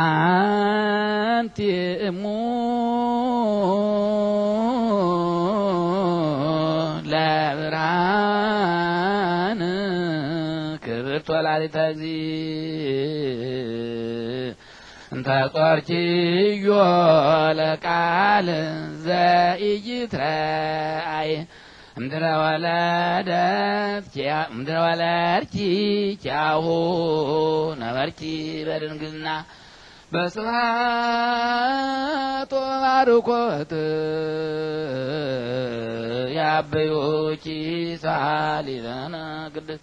አንቲ እሙ ለብርሃን ክብርት ወላዲተ እግዚእ ለቃል ዘኢይትረአይ እምድረ ወለድኪ ኪያሁ ነበርኪ በድንግልና በስማቶ ባርኮት ያበዮቺ ሳሊዘና ቅድስት